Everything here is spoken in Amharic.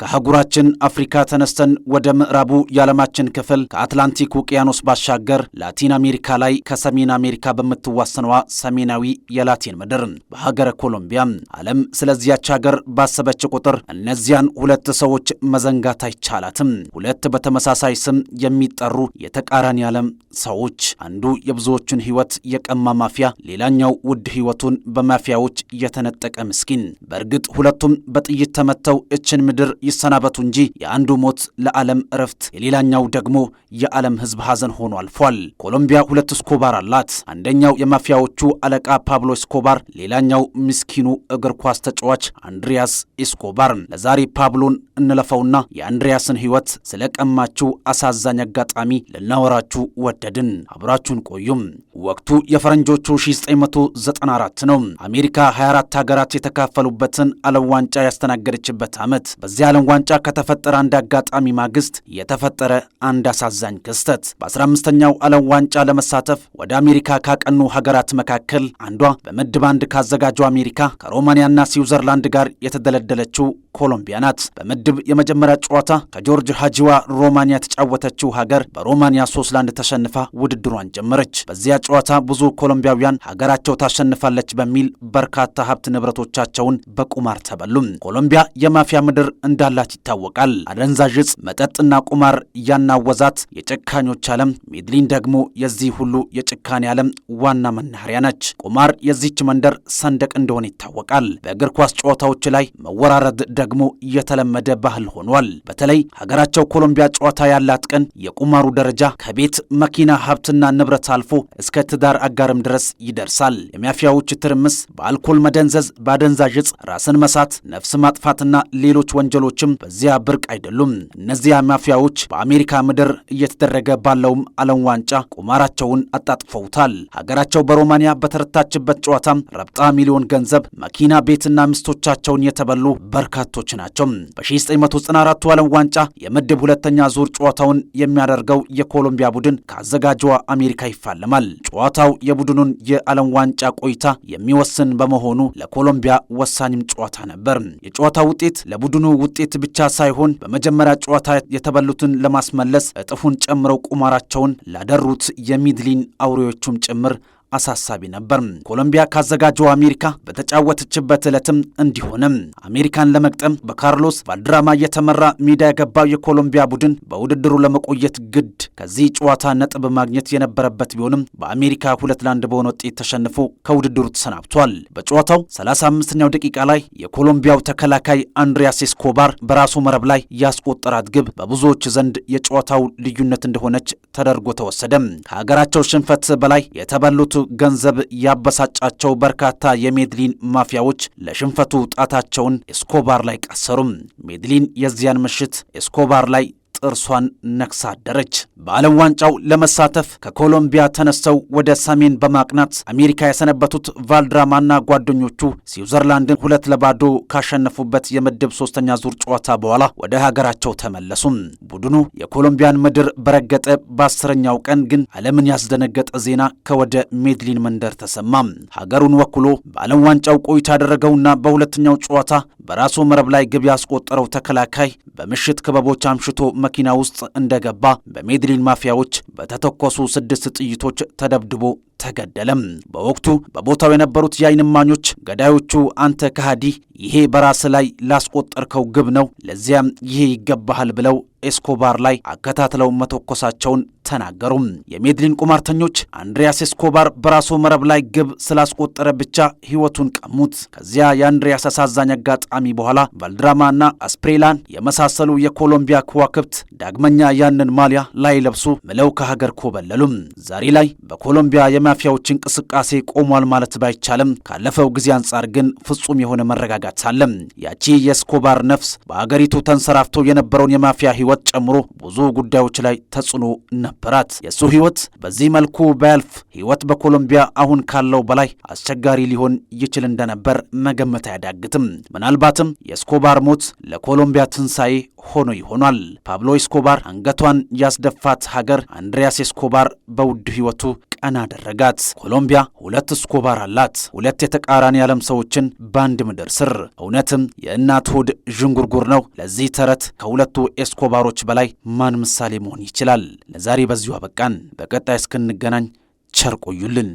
ከአህጉራችን አፍሪካ ተነስተን ወደ ምዕራቡ የዓለማችን ክፍል ከአትላንቲክ ውቅያኖስ ባሻገር ላቲን አሜሪካ ላይ ከሰሜን አሜሪካ በምትዋሰነዋ ሰሜናዊ የላቲን ምድርን በሀገረ ኮሎምቢያ ዓለም ስለዚያች ሀገር ባሰበች ቁጥር እነዚያን ሁለት ሰዎች መዘንጋት አይቻላትም። ሁለት በተመሳሳይ ስም የሚጠሩ የተቃራኒ ዓለም ሰዎች፣ አንዱ የብዙዎቹን ሕይወት የቀማ ማፊያ፣ ሌላኛው ውድ ሕይወቱን በማፊያዎች የተነጠቀ ምስኪን። በእርግጥ ሁለቱም በጥይት ተመተው እችን ምድር ይሰናበቱ እንጂ የአንዱ ሞት ለዓለም እረፍት፣ የሌላኛው ደግሞ የዓለም ሕዝብ ሐዘን ሆኖ አልፏል። ኮሎምቢያ ሁለት ስኮባር አላት። አንደኛው የማፊያዎቹ አለቃ ፓብሎ ስኮባር፣ ሌላኛው ምስኪኑ እግር ኳስ ተጫዋች አንድሪያስ ኢስኮባር። ለዛሬ ፓብሎን እንለፈውና የአንድሪያስን ሕይወት ስለ ቀማችው አሳዛኝ አጋጣሚ ልናወራችሁ ወደድን። አብራችሁን ቆዩም። ወቅቱ የፈረንጆቹ 1994 ነው። አሜሪካ 24 ሀገራት የተካፈሉበትን ዓለም ዋንጫ ያስተናገደችበት ዓመት። በዚያ የዓለም ዋንጫ ከተፈጠረ አንድ አጋጣሚ ማግስት የተፈጠረ አንድ አሳዛኝ ክስተት። በ15ኛው ዓለም ዋንጫ ለመሳተፍ ወደ አሜሪካ ካቀኑ ሀገራት መካከል አንዷ በምድብ አንድ ካዘጋጀው አሜሪካ ከሮማንያና ስዊዘርላንድ ጋር የተደለደለችው ኮሎምቢያ ናት። በምድብ የመጀመሪያ ጨዋታ ከጆርጅ ሃጂዋ ሮማንያ የተጫወተችው ሀገር በሮማንያ ሶስት ለአንድ ተሸንፋ ውድድሯን ጀመረች። በዚያ ጨዋታ ብዙ ኮሎምቢያውያን ሀገራቸው ታሸንፋለች በሚል በርካታ ሀብት ንብረቶቻቸውን በቁማር ተበሉም። ኮሎምቢያ የማፊያ ምድር እንዳ እንዳላት ይታወቃል። አደንዛዥ እጽ፣ መጠጥና ቁማር ያናወዛት የጭካኞች ዓለም ሜድሊን ደግሞ የዚህ ሁሉ የጭካኔ ዓለም ዋና መናኸሪያ ነች። ቁማር የዚች መንደር ሰንደቅ እንደሆነ ይታወቃል። በእግር ኳስ ጨዋታዎች ላይ መወራረድ ደግሞ የተለመደ ባህል ሆኗል። በተለይ ሀገራቸው ኮሎምቢያ ጨዋታ ያላት ቀን የቁማሩ ደረጃ ከቤት መኪና፣ ሀብትና ንብረት አልፎ እስከ ትዳር አጋርም ድረስ ይደርሳል። የሚያፊያዎች ትርምስ በአልኮል መደንዘዝ፣ በአደንዛዥ እጽ ራስን መሳት፣ ነፍስ ማጥፋትና ሌሎች ወንጀሎች ሰዎችም በዚያ ብርቅ አይደሉም። እነዚያ ማፊያዎች በአሜሪካ ምድር እየተደረገ ባለውም ዓለም ዋንጫ ቁማራቸውን አጣጥፈውታል። ሀገራቸው በሮማንያ በተረታችበት ጨዋታ ረብጣ ሚሊዮን ገንዘብ፣ መኪና፣ ቤትና ሚስቶቻቸውን የተበሉ በርካቶች ናቸው። 1994 ዓለም ዋንጫ የምድብ ሁለተኛ ዙር ጨዋታውን የሚያደርገው የኮሎምቢያ ቡድን ከአዘጋጅዋ አሜሪካ ይፋለማል። ጨዋታው የቡድኑን የዓለም ዋንጫ ቆይታ የሚወስን በመሆኑ ለኮሎምቢያ ወሳኝም ጨዋታ ነበር። የጨዋታ ውጤት ለቡድኑ ውጤት ውጤት ብቻ ሳይሆን በመጀመሪያ ጨዋታ የተበሉትን ለማስመለስ እጥፉን ጨምረው ቁማራቸውን ላደሩት የሚድሊን አውሬዎቹም ጭምር አሳሳቢ ነበር። ኮሎምቢያ ካዘጋጀው አሜሪካ በተጫወተችበት ዕለትም እንዲሆንም አሜሪካን ለመግጠም በካርሎስ ቫልድራማ እየተመራ ሜዳ የገባው የኮሎምቢያ ቡድን በውድድሩ ለመቆየት ግድ ከዚህ ጨዋታ ነጥብ ማግኘት የነበረበት ቢሆንም በአሜሪካ ሁለት ለአንድ በሆነ ውጤት ተሸንፎ ከውድድሩ ተሰናብቷል። በጨዋታው 35ኛው ደቂቃ ላይ የኮሎምቢያው ተከላካይ አንድሪያስ ኤስኮባር በራሱ መረብ ላይ ያስቆጠራት ግብ በብዙዎች ዘንድ የጨዋታው ልዩነት እንደሆነች ተደርጎ ተወሰደ። ከሀገራቸው ሽንፈት በላይ የተበሉት ገንዘብ ያበሳጫቸው በርካታ የሜድሊን ማፊያዎች ለሽንፈቱ ጣታቸውን ኤስኮባር ላይ ቀሰሩም። ሜድሊን የዚያን ምሽት ኤስኮባር ላይ ጥርሷን ነክሳ አደረች። በዓለም ዋንጫው ለመሳተፍ ከኮሎምቢያ ተነስተው ወደ ሰሜን በማቅናት አሜሪካ የሰነበቱት ቫልድራማና ጓደኞቹ ስዊዘርላንድን ሁለት ለባዶ ካሸነፉበት የምድብ ሶስተኛ ዙር ጨዋታ በኋላ ወደ ሀገራቸው ተመለሱም። ቡድኑ የኮሎምቢያን ምድር በረገጠ። በአስረኛው ቀን ግን ዓለምን ያስደነገጠ ዜና ከወደ ሜድሊን መንደር ተሰማም። ሀገሩን ወክሎ በዓለም ዋንጫው ቆይታ ያደረገውና በሁለተኛው ጨዋታ በራሱ መረብ ላይ ግብ ያስቆጠረው ተከላካይ በምሽት ክበቦች አምሽቶ መኪና ውስጥ እንደገባ በሜድሊን ማፊያዎች በተተኮሱ ስድስት ጥይቶች ተደብድቦ ተገደለም። በወቅቱ በቦታው የነበሩት የዓይን እማኞች ገዳዮቹ አንተ ከሃዲ፣ ይሄ በራስ ላይ ላስቆጠርከው ግብ ነው፣ ለዚያም ይሄ ይገባሃል ብለው ኤስኮባር ላይ አከታትለው መተኮሳቸውን ተናገሩ። የሜድሊን ቁማርተኞች አንድሪያስ ኤስኮባር በራሱ መረብ ላይ ግብ ስላስቆጠረ ብቻ ሕይወቱን ቀሙት። ከዚያ የአንድሪያስ አሳዛኝ አጋጣሚ በኋላ እና አስፕሬላን የመሳሰሉ የኮሎምቢያ ከዋክብት ዳግመኛ ያንን ማሊያ ላይ ለብሱ ምለው ከሀገር ኮበለሉም። ዛሬ ላይ በኮሎምቢያ የማፊያዎች እንቅስቃሴ ቆሟል ማለት ባይቻልም ካለፈው ጊዜ አንጻር ግን ፍጹም የሆነ መረጋጋት አለ። ያቺ የስኮባር ነፍስ በአገሪቱ ተንሰራፍቶ የነበረውን የማፊያ ህይወት ጨምሮ ብዙ ጉዳዮች ላይ ተጽዕኖ ነበራት። የእሱ ህይወት በዚህ መልኩ ባያልፍ ህይወት በኮሎምቢያ አሁን ካለው በላይ አስቸጋሪ ሊሆን ይችል እንደነበር መገመት አያዳግትም። ምናልባትም የስኮባር ሞት ለኮሎምቢያ ትንሣኤ ሆኖ ይሆኗል። ፓብሎ ኤስኮባር አንገቷን ያስደፋት ሀገር አንድሪያስ ኤስኮባር በውድ ሕይወቱ ቀና አደረጋት። ኮሎምቢያ ሁለት እስኮባር አላት፣ ሁለት የተቃራኒ ዓለም ሰዎችን በአንድ ምድር ስር። እውነትም የእናት ሆድ ዥንጉርጉር ነው። ለዚህ ተረት ከሁለቱ ኤስኮባሮች በላይ ማን ምሳሌ መሆን ይችላል? ለዛሬ በዚሁ አበቃን። በቀጣይ እስክንገናኝ ቸር ቆዩልን።